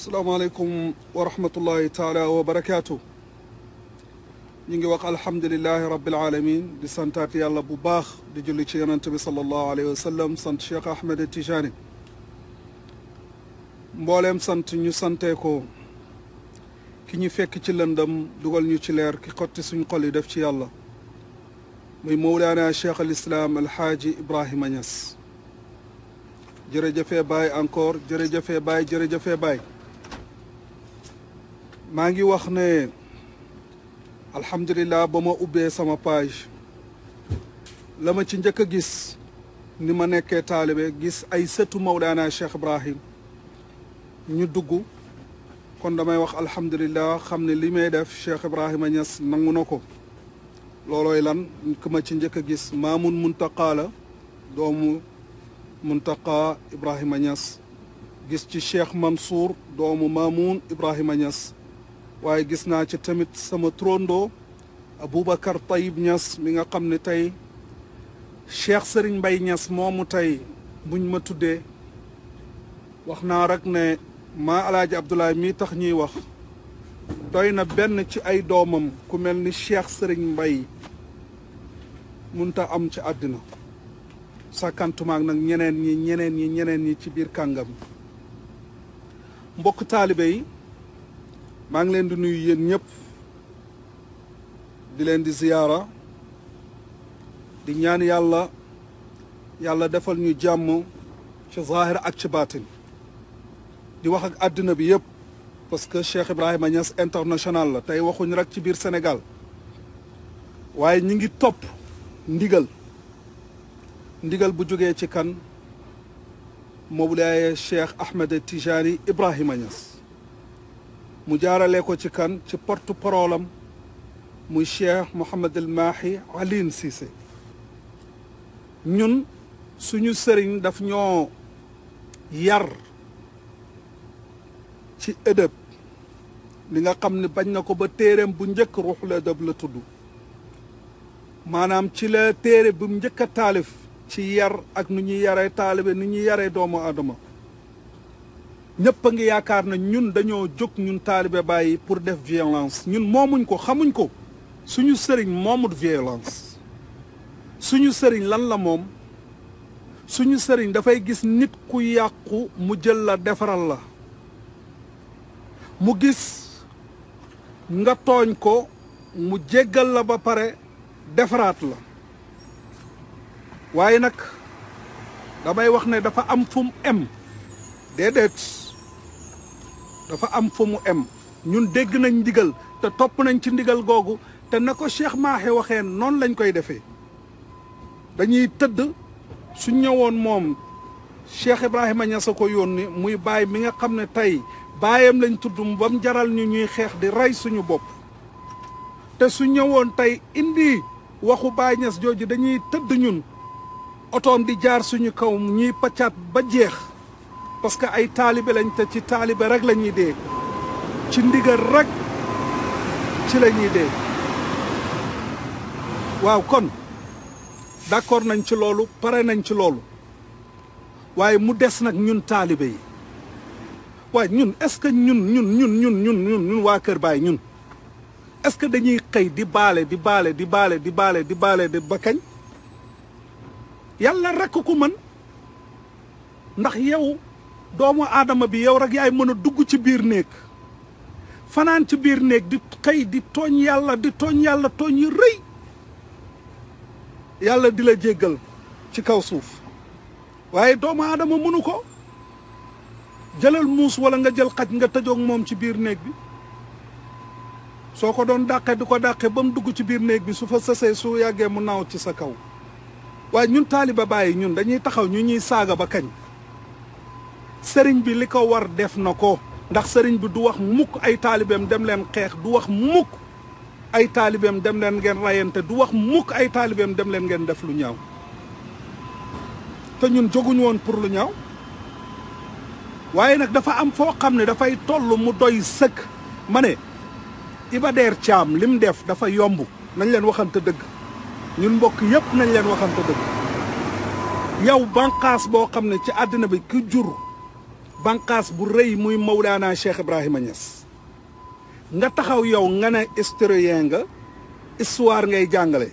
السلام عليكم ورحمة الله تعالى وبركاته ñu ngi wax alhamdulilahi rabbil alamin di santaat yàlla bu baax di julli ci yonent bi sallallahu alayhi wa sallam sant Cheikh Ahmed Tijani mbooleem sant ñu santee ko ki ñu fekk ci lëndam dugal ñu ci leer ki xotti suñ xol yi def ci yàlla muy mawlaana Cheikh al Islam alxaaji Ibrahima Niass jërëjëfee baay encore jërëjëfee baay jërëjëfee baay maa ngi wax ne alhamdulilah ba ma ubbee sama page la ma ci njëkk a gis ni ma nekkee taalibe gis ay sëtu Mawlaana Cheikh Ibrahim ñu dugg kon damay wax alhamdulilah xam ne li may def Cheikh Ibrahima Niass nangu na ko loolooy lan ku ma ci njëkk a gis Maamun Muntaqa la doomu Muntaqa Ibrahima Niass gis ci Cheikh Mansour doomu Maamun Ibrahima Niass waaye gis naa ci tamit sama trondo Aboubacar Tayib Niass mi nga xam ne tey Cheikh Serigne Mbaye Niass moomu tey buñ ma tuddee wax naa rek ne maa alaaji Abdoulaye mii tax ñuy wax doy na benn ci ay doomam ku mel ni Cheikh Serigne Mbaye munta am ci àddina sàkkantumaak nag ñeneen ñi ñeneen ñi ñeneen ñi ci biir kàngam mbokk taalibe yi maa ngi leen di nuyu yéen ñëpp di leen di ziyaara di ñaan yàlla yàlla defal ñu jàmm ci zahir ak ci baatin di wax ak àdduna bi yëpp parce que Cheikh Ibrahima Niass international la tey waxuñu rek ci biir senegal waaye ñi ngi topp ndigal ndigal bu jógee ci kan Mawlaaya Cheikh Ahmed Tijani Ibrahima Niass mu jaarale ko ci kan ci porte parole muy Cheikh Mouhamed El Mahi Alioune sise ñun suñu sëriñ daf ñoo yar ci ëdëb li nga xam ne bañ na ko ba téereem bu njëkk ruuxul ëdëb la tudd maanaam ci la téere bu njëkk a taalif ci yar ak nu ñuy yare taalibe nu ñuy yaree doomu aadama ñepp nga yaakar na ñun dañoo jóg ñun talibé pour def violence ñun momuñ ko xamuñ ko suñu sëriñ momut violence suñu sëriñ lan la mom suñu sëriñ fay gis nit ku yaqku mu jël la défaral la mu gis nga togn ko mu jéggal la ba paré défarat la waye nak damay wax né dafa am fum em dafa am fu mu em ñun dégg nañ ndigal te topp nañ ci ndigal googu te na ko Cheikh Mahe waxee noonu lañ koy defee dañuy tëdd su ñëwoon moom Cheikh Ibrahima Niass ko yónni muy baay mi nga xam ne tey baayam lañ tudd ba jaral ñu ñuy xeex di rey suñu bopp te su ñëwoon tey indi waxu Baay Ñas jooju dañuy tëdd ñun otoom di jaar suñu kaw ñuy paccaat ba jeex parce que ay taalibe lañ te ci taalibe rek la ñuy dee ci ndigal rek ci la ñuy dee waaw kon d'accord nañ ci loolu pare nañ ci loolu waaye mu des nag ñun taalibe yi waaye ñun est-ce que ñun ñun ñun ñun ñun ñun waa Kër Baay ñun est-ce que dañuy xëy di baale di baale di baale di baale di baale di ba yàlla rekk ku mën ndax yow doomu aadama bi yow rek yaay mën a dugg ci biir néeg fanaan ci biir néeg di xëy di tooñ yàlla di tooñ yàlla tooñ yu rëy yàlla di la jéggal ci kaw suuf waaye doomu aadama mënu ko jëlal muus wala nga jël xaj nga tëjoog moom ci biir néeg bi soo ko doon dàqe di ko dàqe ba mu dugg ci biir néeg bi su fa sësee su yàggee mu naaw ci sa kaw waaye ñun taaliba bàyyi ñun dañuy taxaw ñu ñuy saaga ba kañ serin bi li war def nokoh, ndax sëriñ bi du wax mukk ay talibem dem len xex du wax mukk ay talibem dem len ngeen rayante du wax mukk ay talibem dem len ngeen def lu ñaaw te ñun joguñ won pour lu ñaaw waye nak dafa am fo xamne da fay tollu mu doy seuk mané Iba Der cham lim def dafa yombu, nañ len waxante deug ñun mbokk yépp nañ len waxante deug yow bankas bo xamne ci aduna bi ku jur بانكاس بوري موي مولانا شيخ ابراهيم نياس nga taxaw yow nga ne historien nga histoire ngay jàngale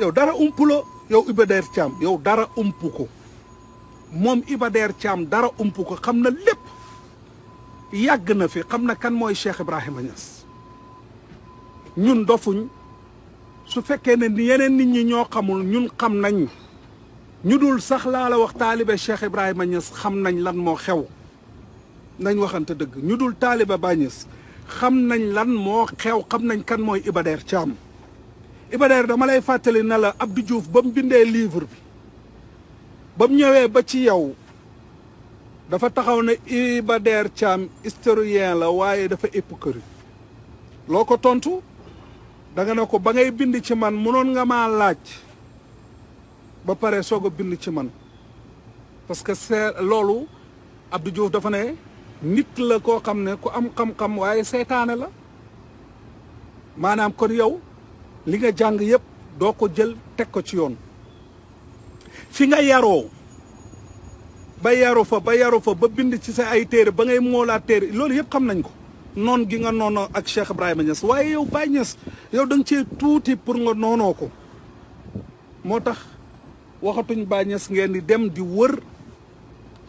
yow dara umpulo yow ibader cham yow dara umpuko mom ibader cham dara umpuko xamna lépp yag na fi xamna kan moy Cheikh Ibrahima nias ñun dofuñ su fekke ne yenen nit ñi ño xamul ñun xam nañ ñudul sax la la wax talibe Cheikh Ibrahima nias xam nañ lan mo xew nañ waxante deug ñu dul taaliba Bañes xam nañ lan mo xew xam nañ kan moy Ibader cham Ibader dama lay fatali na la Abdou Diouf bam bindé livre bi bam ñëwé ba ci yow dafa taxaw na Ibader cham historien la waye dafa hypocrite loo loko tontu da nga nako ba ngay bind ci man mënon nga ma laaj ba pare sogo bind ci man parce que c'est lolu Abdou Diouf dafa né nit la koo xam ne ku am xam-xam waaye seytaane la maanaam kon yow li nga jàng yëpp doo ko jël teg ko ci yoon fi nga yaroo ba yaru fa ba yaru fa ba bind ci sa ay téere ba ngay moolaat téere loolu yëpp xam nañ ko noon gi nga noonoo ak Cheikh Ibrahima Niass waaye yow Baye Niass yow da ci cee tuuti pour nga noonoo ko moo tax waxatuñ Baye Niass ngeen di dem di wër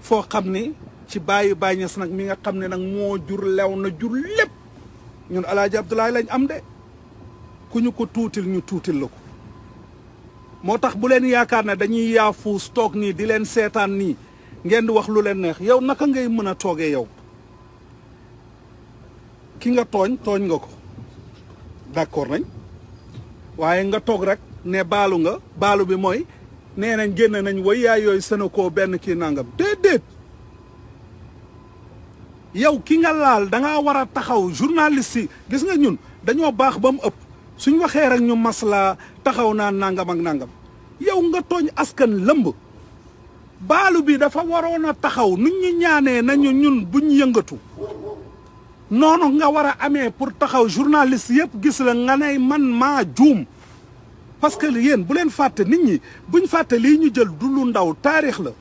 foo xam ni ci bàyyi Baay nag mi nga xam ne nag moo jur lew na jur lépp ñun alaaji Abdoulaye lañu am de ku ñu ko tuutil ñu tuutil la ko moo tax bu leen yaakaar ne dañuy yaafuus toog nii di leen seetaan nii ngeen di wax lu leen neex yow naka ngay mën a toogee yow ki nga tooñ tooñ nga ko d'accord nañ waaye nga toog rek ne baalu nga baalu bi mooy nee nañ génn nañ way yaay yooyu sena ko benn kii nangam déedéet yow ki nga laal da ngaa war a taxaw journaliste yi gis nga ñun dañoo baax ba mu ëpp suñ waxee rek ñu masla taxaw naa nangam ak nangam yow nga tooñ askan lëmb baalu bi dafa waroon a taxaw nu ñu ñaanee nañu ñun buñ yëngatu noonu nga war a amee pour taxaw journaliste yëpp gis la nga ne man maa juum parce que yéen bu leen fàtte nit ñi buñ fàtte lii ñu jël du ndaw taarix la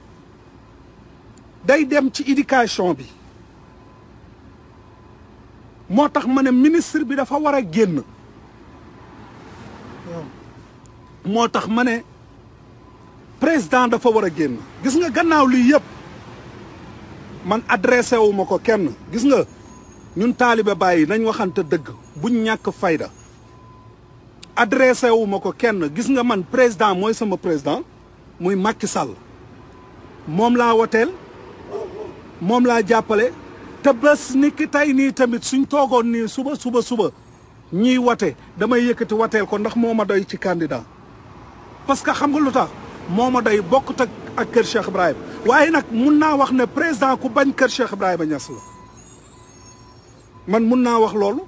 day dem ci éducation bi moo tax ma ne ministre bi dafa war a génn moo tax ma ne président dafa war a génn gis nga gannaaw lii yëpp man adressé wu ko kenn gis nga ñun taalibe bàyyi nañ waxante dëgg buñ ñàkk fayda adressé wu ma ko kenn gis nga man président mooy sama président muy Macky Sall moom laa woteel moom laa jàppale te bés ni tey nii tamit suñ toogoon nii suba suba suba ñiy wate damay yëkkati wateel ko ndax moo ma doy ci candidat parce que xam nga lu tax moo ma doy bokkut ak ak kër Cheikh Ibrahima waaye nag mun naa wax ne président ku bañ kër Cheikh Ibrahima Niass la man mun naa wax loolu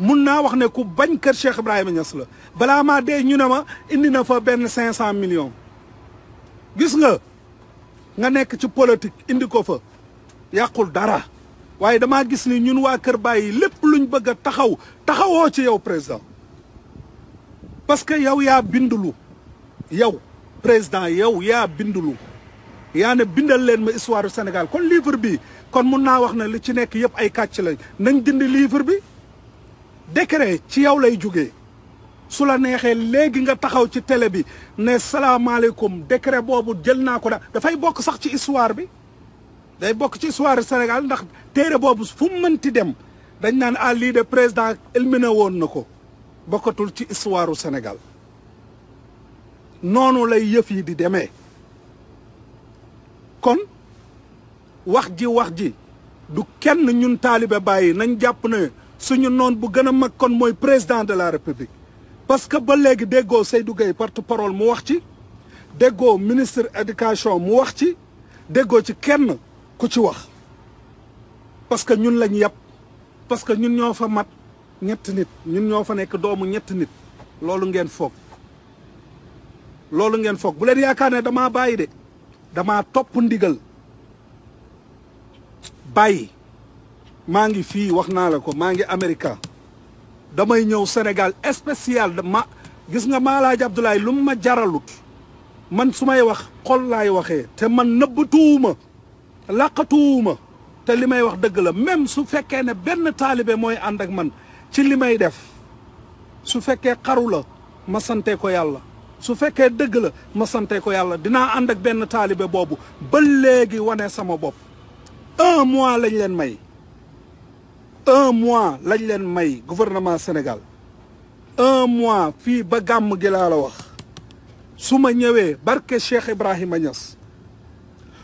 mun naa wax ne ku bañ kër Cheikh Ibrahima Niass la balaa maa dee ñu ne ma indi na fa benn cinq cent millions gis nga nga nekk ci politique indi ko fa yàqul dara waaye damaa gis ni ñun waa Kër bàyyi lépp luñ bëgg a taxaw taxawoo ci yow président parce que yow yaa bindulu yow président yow yaa bindulu yaa ne bindal leen ma histoire du Sénégal kon livre bi kon mun naa wax ne li ci nekk yëpp ay kàcc la nañ jënd livre bi décret ci yow lay jóge su la neexee léegi nga taxaw ci tele bi ne salaamaaleykum décret boobu jël naa ko da dafay bokk sax ci histoire bi day bokk ci histoire Sénégal ndax téere boobu fu mu mënti dem dañ naan ah lii de président éliminé woon na ko bokkatul ci histoire Sénégal noonu lay yëf yi di demee kon wax ji wax ji du kenn ñun taalibe bàyyi nañ jàpp ne suñu noon bu gën a mag kon mooy président de la république parce que ba léegi déggoo Seydou Gueye porte parole mu wax ci déggoo ministre éducation mu wax ci déggoo ci kenn ku ci wax parce que ñun lañ yàpp parce que ñun ñoo fa mat ñetti nit ñun ñoo fa nekk doomu ñetti nit loolu ngeen foog loolu ngeen foog bu leen yaakaar ne damaa bàyyi de damaa topp ndigal bàyyi maa ngi fii wax naa la ko maa ngi Amérique damay ñëw Sénégal spécial de ma gis nga maa laa Abdoulaye lu mu ma jaralut man su may wax xol laay waxee te man tuuma làqatuwuma te li may wax dëgg la même su fekkee ne benn taalibe mooy ànd ak man ci li may def su fekkee xaru la ma sante ko yàlla su fekkee dëgg la ma sante ko yàlla dinaa ànd ak benn taalibe boobu ba léegi wane sama bopp un mois lañ leen may un mois lañ leen may gouvernement Sénégal un mois fii ba gàmm gi laa la wax su ma ñëwee barke Cheikh Ibrahima ños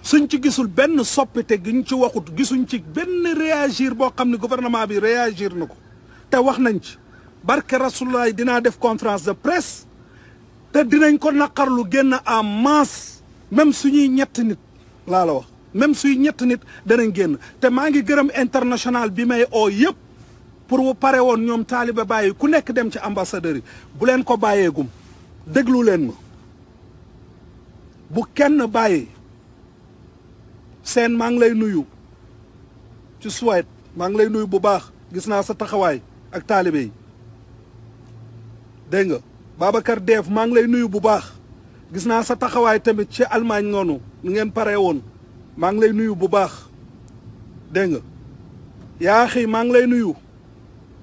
suñ ci gisul benn soppite giñ ci waxut gisuñ ci benn réagir boo xam ne gouvernement bi réagir na ko te wax nañ ci barke rasulullaay dinaa def conférence de presse te dinañ ko naqarlu génn en masse même suñuy ñett nit laa la wax même suy ñett nit danañ génn te maa ngi gërëm international bi may oo yëpp pour bu pare woon ñoom taaliba bàyyi ku nekk dem ci ambassadeur yi bu leen ko bàyyeegum déglu leen ma bu kenn bàyyi seen maa ngi lay nuyu ci Suède maa ngi lay nuyu bu baax gis naa sa taxawaay ak taalibe yi dégg nga Babacar Deef maa ngi lay nuyu bu baax gis naa sa taxawaay tamit ci almaañ noonu nu ngeen pare woon maa ngi lay nuyu bu baax dégg nga yaa xii maa ngi lay nuyu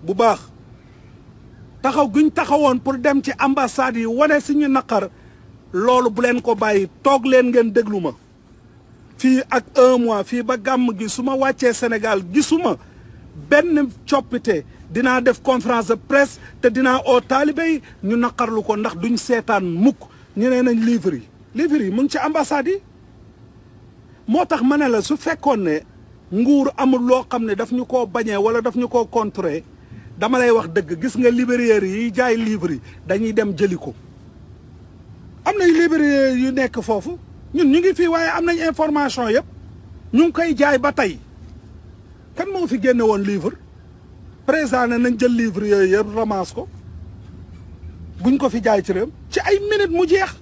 bu baax taxaw guñ taxawoon pour dem ci ambasaad yi wane suñu naqar loolu bu leen ko bàyyi toog leen ngeen déglu ma fii ak un mois fii ba gàmm gi su ma wàccee Sénégal gisuma benn coppite dinaa def conférence de presse te dinaa oo taalibe yi ñu naqarlu ko ndax duñu seetaan mukk ñu nee nañ livre yi livre yi mun ngi ci ambassade yi moo tax ma ne la su fekkoon ne nguur amul loo xam ne daf ñu ko bañee wala daf ñu ko contrer dama lay wax dëgg gis nga libraire yiy jaay livre yi dañuy dem jëli ko am na libraire yu nekk foofu ñun ñu ngi fi waye am nañ information yépp ñu ngi koy jaay ba tey kan moo fi génne woon livre président ne nañ jël livre yooyu yëpp ramasse ko buñ ko fi jaay ci réew ci ay minutes mu jeex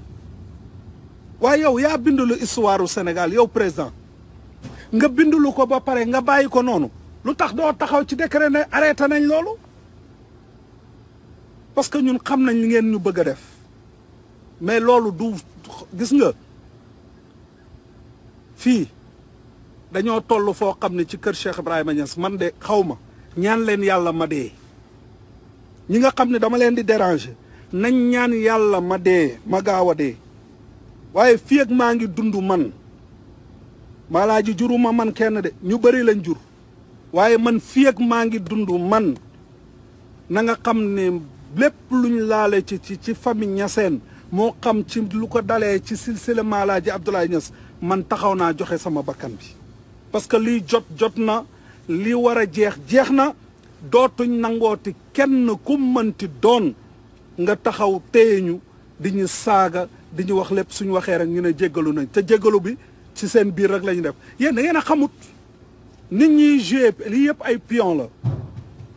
waaye yow yaa bindulu histoire u Sénégal yow président nga bindulu ko ba pare nga bàyyi ko noonu lu tax doo taxaw ci décret ne arrêté nañ loolu parce que ñun xam nañ li ngeen ñu bëgg a def mais loolu du gis nga fii dañoo toll foo xam ne ci kër Cheikh Ibrahima Niass man de xawma ñaan leen yàlla ma dee ñi nga xam ne dama leen di déranger nañ ñaan yàlla ma dee ma gaaw a dee waaye fii ak maa ngi dund man maalaa juruma man kenn de ñu bari lañ jur waaye man fii ak maa ngi dund man na nga xam ne lépp luñ laale ci ci ci famille ñaseen moo xam ci lu ko dalee ci silsila maalaa ji Abdoulaye man taxaw naa joxe sama bakkan bi parce que lii jot jot na li war a jeex jeex na dootuñ nangooti kenn ku mënti doon nga taxaw téyeñu di ñu saaga di ñu wax lépp suñu waxee rek ñu ne jéggalu nañ te jéggalu bi ci seen biir rek la ñu def yéen da ngeen a xamut nit ñuy joué lii yëpp ay piyon la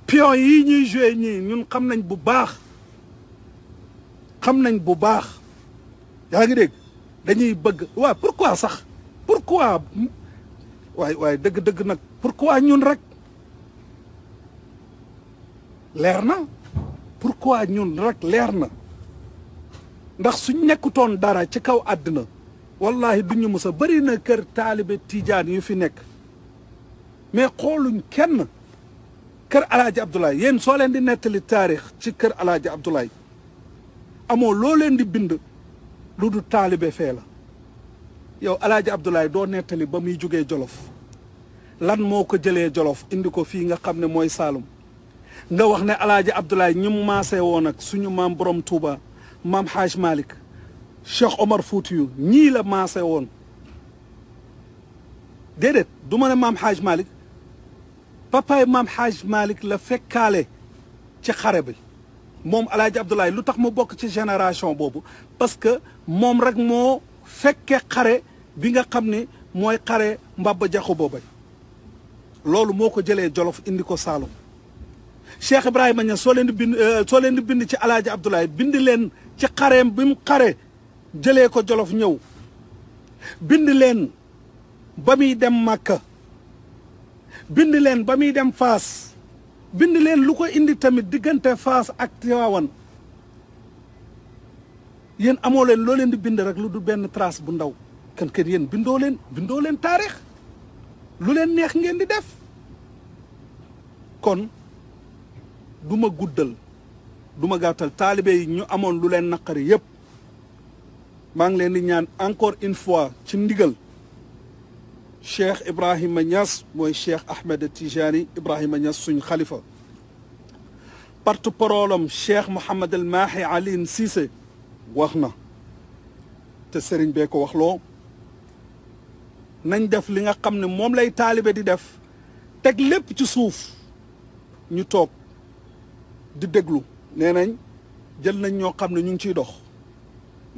pion yii ñuy joué ñi ñun xam nañ bu baax xam nañ bu baax yaa ngi dégg dañuy bëgg waaw pourquoi sax pourquoi waaye waay dëgg-dëgg nag pourquoi ñun rek leer na pourquoi ñun rek leer na ndax suñ nekkutoon dara ci kaw àddina wallahi duñu mës a bëri na kër taalibe tiijaan yu fi nekk mais xooluñ kenn kër alaaji Abdoulaye yéen soo leen di nettali taarix ci kër alaaji Abdoulaye amoo loo leen di bind lu talibé taalibe fee la yow alaaji Abdoulaye doo nettali ba muy jógee Jolof lan moko ko jëlee Jolof indi ko fii nga xamné moy salum nga wax ne alaaji Abdoulaye ñum maasee won ak suñu mam borom Touba mam haj malik Cheikh Omar foutiou ñi la maase won dedet du ma ne maam Haaj Malick papaay mam haj malik la fekkale ci xarabe mom moom alaaji Abdoulaye lu tax mu ci génération bobu parce que moom rek moo fekkee xare bi nga xam ne mooy xare Mbaba Jaxu booba loolu moo ko jëlee Jolof indi ko Saalum Cheikh Ibrahima Niass soo leen di bind euh, soo leen bind ci Alaaji Abdoulaye bind leen ci xareem bi mu xare jëlee ko Jolof ñëw bind leen ba muy dem Màkka bind leen ba muy dem Faas bind leen lu ko indi tamit diggante Faas ak Tiwaawan yéen amoo leen loo leen di bind rek lu du benn trace bu ndaw kan yéen bindoo leen bindoo leen taarix lu leen neex ngeen di def kon du guddal du ma gàttal taalibe yi ñu amoon lu leen naqari yépp maa ngi leen di ñaan encore une fois ci ndigal cheikh Ibrahima Niass mooy cheikh Ahmed Tijani Ibrahima Niass suñ xalifa porte-parole am cheikh Mouhamed El Mahi Alioune Cissé wax na te sëriñ bee ko wax loo nañ def li nga xam ne moom lay taalibe di def teg lépp ci suuf ñu toog di déglu nee nañ jël nañ ñoo xam ne ñu ngi ciy dox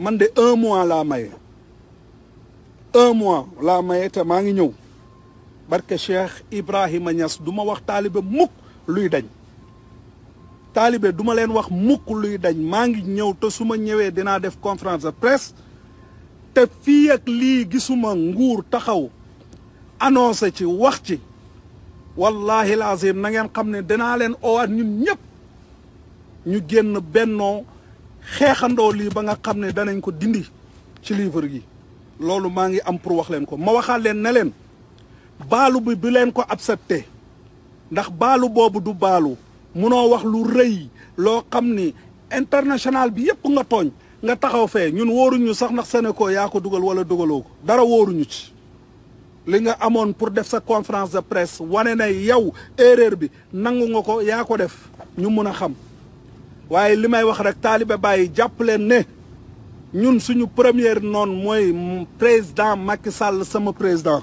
man de un mois laa maye un mois laa maye te maa ngi ñëw barke Cheikh Ibrahima Niass du ma wax taalibe mukk luy dañ talibé duma len wax mukk luy dañ ma ngi ñew te suma ñewé dina def conférence de presse te fi ak li gisuma nguur taxaw annoncé ci wax ci wallahi lazim na ngeen xamné dina len o ñun ñep ñu genn benno xéxando li ba nga xamné danañ ko dindi ci livre gi lolu ma ngi am pour wax len ko ma waxal len ne len balu bi bi len ko accepter ndax balu bobu du balu munoo wax lu rëy loo xam ni international bi yëpp nga tooñ nga taxaw fee ñun wóoruñu sax ndax ko yaa ko dugal wala dugaloo ko dara wóoruñu ci li nga amoon pour def sa conférence de presse wane na yow erreur bi nangu nga ko yaa ko def ñu mun a xam waaye li may wax rek taalibe bàyyi jàpp leen ne ñun suñu première noon mooy président Macky Sall sama président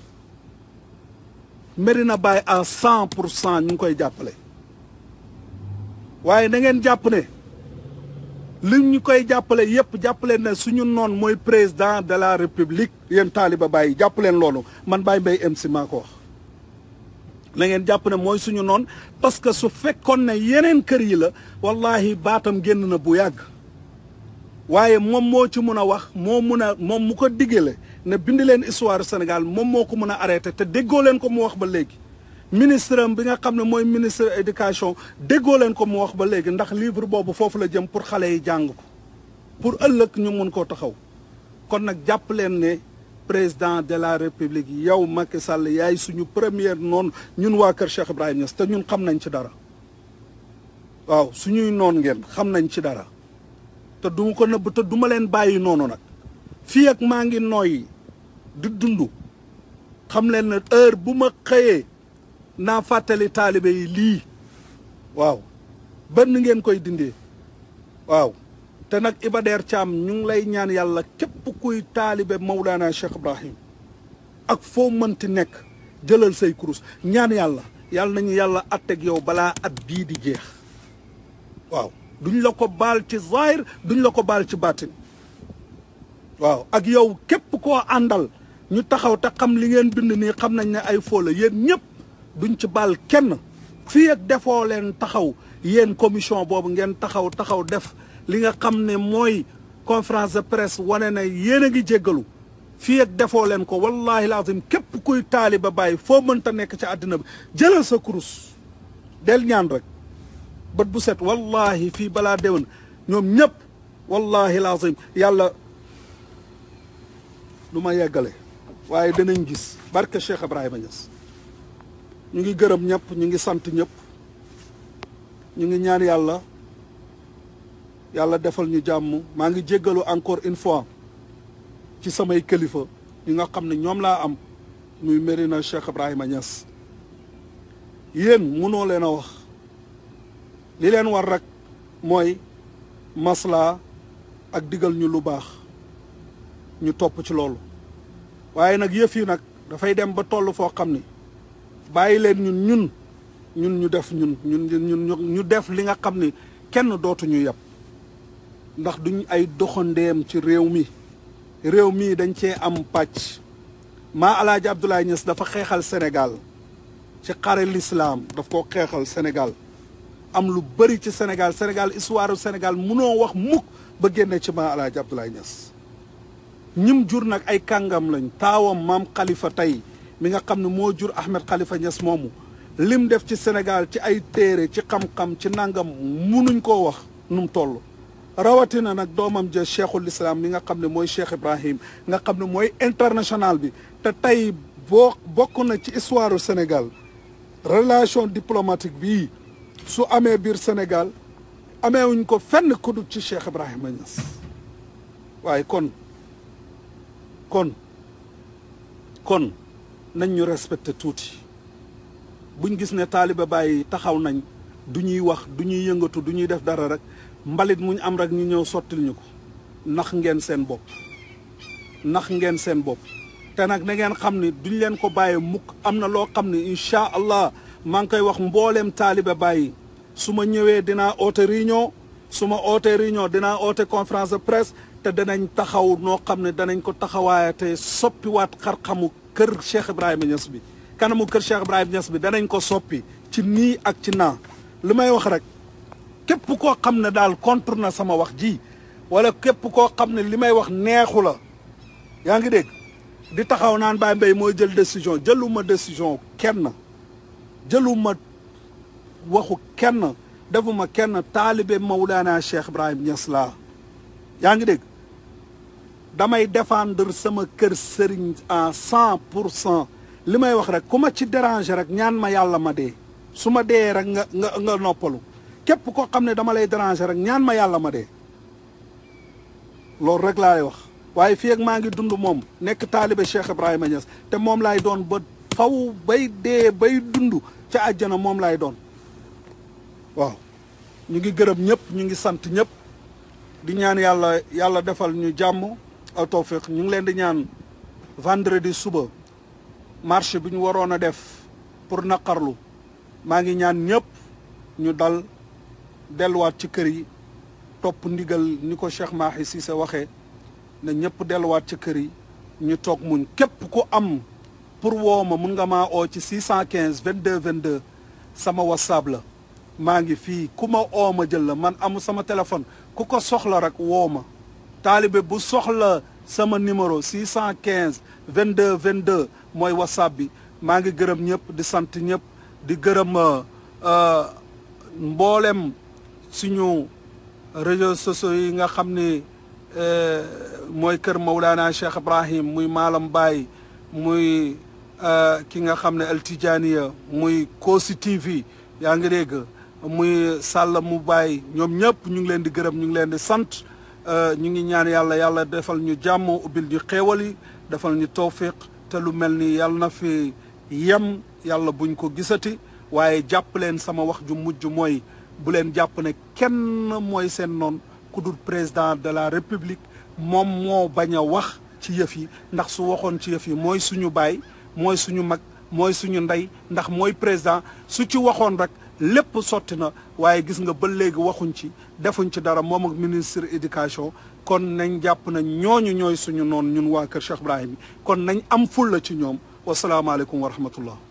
Medina Baye à cent pour cent ñu ngi koy jàppale waaye na ngeen jàpp ne li ñu koy jàppale yépp jàppale na suñu noon mooy président de la république yéen taaliba Baye jàppaleen loolu man Baye Mbaye MC maa ko wax na ngeen jàpp ne mooy suñu noon parce que su fekkoon na yeneen kër yi la wallahi baatam génn na bu yàgg waaye moom moo ci mun a wax moo mun a moom mu ko digale ne bind leen histoire Sénégal moom moo ko mën a arrêté te déggoo leen ko mu wax ba léegi ministre am bi nga xam ne mooy ministre éducation déggoo leen ko mu wax ba léegi ndax livre boobu foofu la jëm pour xale yi jàng ko pour ëllëg ñu mën koo taxaw kon nag jàpp leen ne président de la république yow Macky sàll yaay suñu première noon ñun waa kër Cheikh Ibrahim Niass te ñun xam nañ ci dara waaw suñuy noon ngeen xam nañ ci dara te du ko nëbb te du leen bàyyi noonu nag fii ak maa ngi nooy di dund xam leen ne heure bu ma xëyee naa fàttali taalibe yi lii waaw benn ngeen koy dindee waaw te nag Iba Der Thiam ñu ngi lay ñaan yàlla képp kuy taalibe Mawlana Cheikh Ibrahim ak foo mënti nekk jëlal say kurus ñaan yàlla yàlla nañu yàlla atteg yow balaa at bii di jeex waaw duñ la ko baal ci zahir duñ la ko baal ci baatin waaw ak yow képp koo àndal ñu taxaw te xam li ngeen bind nii xam nañ ne ay foo la yéen ñëpp duñ ci baal kenn fii ak defoo leen taxaw yéen commission boobu ngeen taxaw taxaw def li nga xam ne mooy conférence de presse wane na yéen a ngi jéggalu fii ak defoo leen ko wallahi lazim képp kuy taaliba bàyyi foo mënta nekk ci àddina bi jëlal sa kurus del ñaan rek bët bu set wallahi fii balaa déwén ñoom ñëpp wallahi lazim yàlla du ya yeggale waaye danañ gis barke Cheikh Ibrahima ñass ñu ngi gërëm ñëpp ñu ngi sant ñëpp ñu ngi ñaan yalla yalla defal ñu jamm ma ngi jéggalu encore une fois ci samay kalifa ñu nga xam ñom la am muy merina Cheikh Ibrahima ñass yeen mëno leena wax li leen war rek moy masla ak digal ñu lu bax ñu topp ci loolu waaye nag yëf yi nag dafay dem ba toll foo xam ni bàyyi leen ñun ñun ñun ñu def ñun ñun ñun ñu def li nga xam ni kenn dootuñu yab ndax duñ ay doxandeem ci réew mi réew mii dañ cee am pàcc maa alaaji Abdoulaye Niass dafa xeexal senegal ci xare lislaam ko xeexal senegal am lu bari ci senegal senegal histoire senegal mënoo wax mukk ba génne ci maa alaaji Abdoulaye ñas ñim jur nag ay kàngam lañ taawam maam Khalifa tey mi nga xam ne moo jur Ahmed Khalifa Niass moomu lim def ci Sénégal ci ay téere ci xam-xam ci nangam munuñ ko wax nu mu toll rawatina nag doomam ja cheikhul islam mi nga xam ne mooy cheikh Ibrahim nga xam ne mooy international bi te tey boo bokk na ci histoire Sénégal relation diplomatique bii su amee biir Sénégal amewuñ ko fenn ku dul ci cheikh Ibrahima Niass waaye kon kon kon nañ ñu respecté tuuti buñ gis ne taalibe bàyyi taxaw nañ du ñuy wax du ñuy yëngatu du ñuy def dara rek mbalit muñ am rek ñu ñëw sottil ñu ko ndax ngeen seen bopp ndax ngeen seen bopp te nag na ngeen xam ni duñ leen ko bàyyi mukk am na loo xam ni incha allah maa ngi koy wax mbooleem taalibe bàyyi su ma ñëwee dinaa oote réunion su ma ootee réunion dinaa oote conférence de presse te danañ taxaw noo xam ne danañ ko taxawaaye taxawaayate soppiwaat xarxamu kër Cheikh Ibrahima Niass bi kanamu kër Cheikh Ibrahima Niass bi danañ ko soppi ci nii ak ci naa li may wax rek képp koo xam ne daal contre na sama wax ji wala képp koo xam ne li may wax neexu la yaa ngi dégg di taxaw naan Baye Mbaye mooy jël décision jëluma décision kenn jëluma waxu kenn defuma kenn taalibe Mawlaana Cheikh Ibrahima Niass laa yaa ngi dégg damay défendre sama kër sëriñ à cent pour cent li may wax rek ku ma ci déranger rek ñaan ma yàlla ma dee su ma dee rek nga nga nga noppalu képp koo xam ne dama lay déranger rek ñaan ma yàlla ma dee loolu rek lay wax waaye fii ak maa ngi dund moom nekk taalibe Cheikh Ibrahima Niass te moom laay doon ba faw bay dee bay dund ca àjjana moom laay doon waaw ñu ngi gërëm ñëpp ñu ngi sant ñëpp di ñaan yàlla yàlla defal ñu jàmm aw tawfiq ñu ngi leen di ñaan vendredi suba marché bi ñu waroon a def pour naqarlu maa ngi ñaan ñëpp ñu dal delluwaat ci kër yi topp ndigal ni ko Cheikh Mahi waxee na ñëpp delluwaat ci kër yi ñu toog muñ képp ku am pour woo ma mun nga maa oo ci 615 22 22 sama whatsapp la maa ngi fii ku ma ma jël la man amu sama téléphone ku ko soxla rek taalibe bu soxla sama numéro 615 22 22 mooy whatsapp bi maa ngi gërëm ñëpp di sant ñëpp di gërëm euh, mboolem suñu réseaux sociaux yi nga xam ni euh, mooy kër Maulana Cheikh Ibrahim muy Maalam Baay muy euh, ki nga xam ne El Tidjaniya muy Kossy TV yaa ngi dégg muy Sàll mu Baay ñoom ñëpp ñu ngi leen di gërëm ñu ngi leen di sant Euh, ñu ngi ñaan yàlla yàlla defal ñu jàmm ubbil ñu xéewal yi defal ñu tawfiq te lu mel ni yàlla na fi yem yàlla buñ ko gisati waaye jàpp leen sama wax ju mujj mooy bu leen jàpp ne kenn mooy seen noon ku dul président de la république moom moo bañ a wax ci yëf yi ndax su waxoon ci yëf yi mooy suñu baay mooy suñu mag mooy suñu ndey ndax mooy président su ci waxoon rek lépp sotti na waaye gis nga ba léegi waxuñ ci defuñ ci dara moom ak ministre éducation kon nañ jàpp na ñooñu ñooy suñu noonu ñun waa kër Cheikh Ibrahim kon nañ am fulla ci ñoom wasalaamaaleykum wa rahmatullah